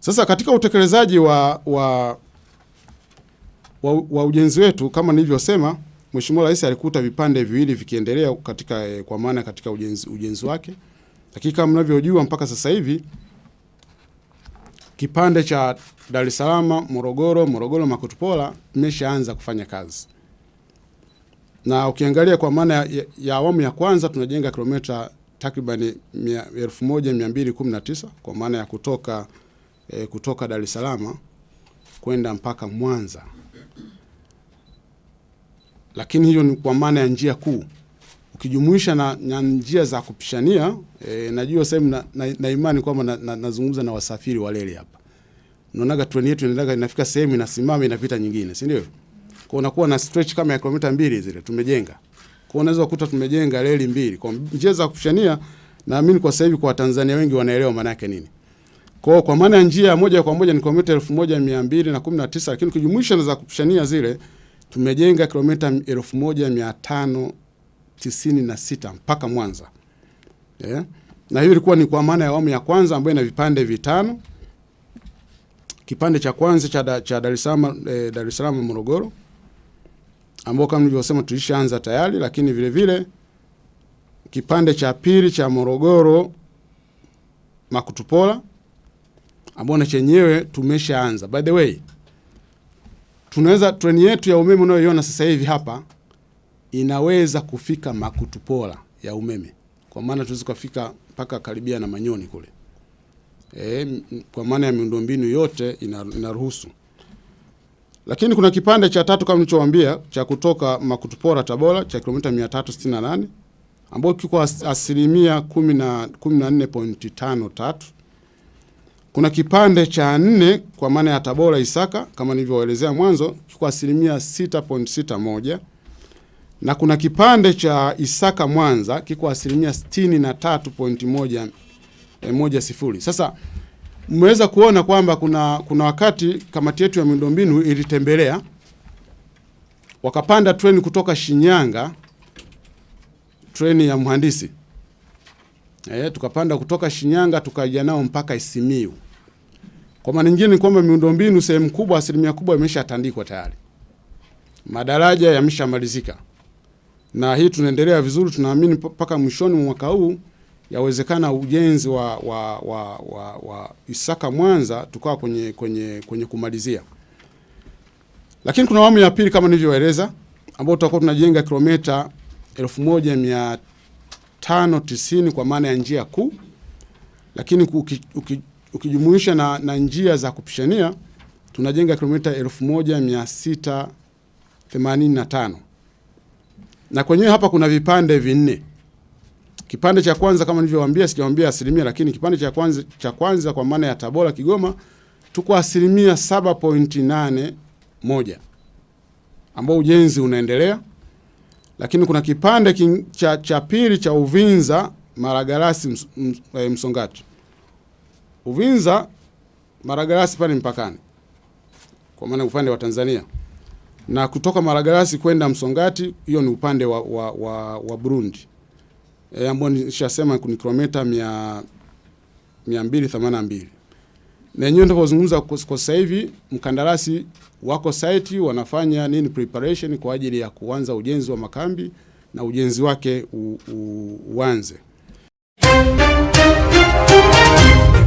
Sasa katika utekelezaji wa, wa, wa, wa ujenzi wetu kama nilivyosema, Mheshimiwa Rais alikuta vipande viwili vikiendelea katika eh, kwa maana katika ujenzi, ujenzi wake, lakini kama mnavyojua mpaka sasa hivi kipande cha Dar es Salaam Morogoro, Morogoro Makutupola imeshaanza kufanya kazi, na ukiangalia kwa maana ya, ya awamu ya kwanza tunajenga kilomita takribani 1219 kwa maana ya kutoka e, kutoka Dar es Salaam kwenda mpaka Mwanza, lakini hiyo ni kwa maana ya njia kuu ukijumuisha na, na njia za kupishania e, najua sehemu na, na, na imani kwamba nazungumza na, na, na wasafiri wa reli hapa. Unaonaga treni yetu inaenda inafika sehemu inasimama inapita nyingine, si ndio? Kwa unakuwa na stretch kama ya kilomita mbili zile tumejenga. Kwa unaweza kukuta tumejenga reli mbili. Kwa njia za kupishania naamini kwa sasa hivi kwa Tanzania wengi wanaelewa maana yake nini. Kwa kwa maana ya njia moja kwa moja ni kilomita 1219 lakini kujumlisha na za kupishania zile tumejenga kilomita 1596 mpaka Mwanza. Yeah. Na hiyo ilikuwa ni kwa maana ya awamu ya kwanza ambayo ina vipande vitano. Kipande cha kwanza cha, da, cha Dar es Salaam eh, Dar es Salaam Morogoro ambao kama nilivyosema tulishaanza tayari, lakini vile vile kipande cha pili cha Morogoro Makutupola ambao na chenyewe tumeshaanza. By the way, tunaweza treni yetu ya umeme unayoiona sasa hivi hapa inaweza kufika Makutupora ya umeme, kwa maana tunaweza kufika mpaka karibia na Manyoni kule e, kwa maana ya miundombinu yote inaruhusu ina lakini kuna kipande cha tatu kama nilichowaambia cha kutoka Makutupora Tabora cha kilomita 368 ambao kiko asilimia 14.53 kuna kipande cha nne kwa maana ya Tabora Isaka kama nilivyoelezea mwanzo kwa asilimia 6.61 na kuna kipande cha Isaka Mwanza kiko asilimia 63.110. Eh, Sasa mmeweza kuona kwamba kuna, kuna wakati kamati yetu ya miundombinu ilitembelea wakapanda treni kutoka Shinyanga, treni ya mhandisi eh, tukapanda kutoka Shinyanga tukaja nao mpaka Isimiu. Kwa maana nyingine ni kwamba miundombinu sehemu kubwa, asilimia kubwa imeshatandikwa tayari, madaraja yameshamalizika, na hii tunaendelea vizuri, tunaamini mpaka mwishoni mwa mwaka huu yawezekana ujenzi wa, wa, wa, wa, wa Isaka Mwanza tukawa kwenye, kwenye, kwenye kumalizia. Lakini kuna awamu ya pili kama nilivyoeleza, ambao tutakuwa tunajenga kilomita elfu moja mia tano tisini kwa maana ya njia kuu, lakini uki, uki, ukijumuisha na, na njia za kupishania tunajenga kilomita elfu moja mia sita themanini na tano na kwenyewe hapa kuna vipande vinne. Kipande cha kwanza kama nilivyowaambia, sijawaambia asilimia, lakini kipande cha kwanza, cha kwanza kwa maana ya Tabora Kigoma tuko asilimia saba moja ambao ujenzi unaendelea lakini kuna kipande cha, cha pili cha Uvinza Maragarasi ms, eh, Msongati. Uvinza Maragarasi pale mpakani, kwa maana upande wa Tanzania na kutoka Maragarasi kwenda Msongati, hiyo ni upande wa, wa, wa, wa Burundi e, eh, ambao nishasema kuna kilomita 282 mbili mbili. Na yenyewe tunavyozungumza kwa sasa hivi mkandarasi wako site wanafanya nini preparation kwa ajili ya kuanza ujenzi wa makambi na ujenzi wake uanze.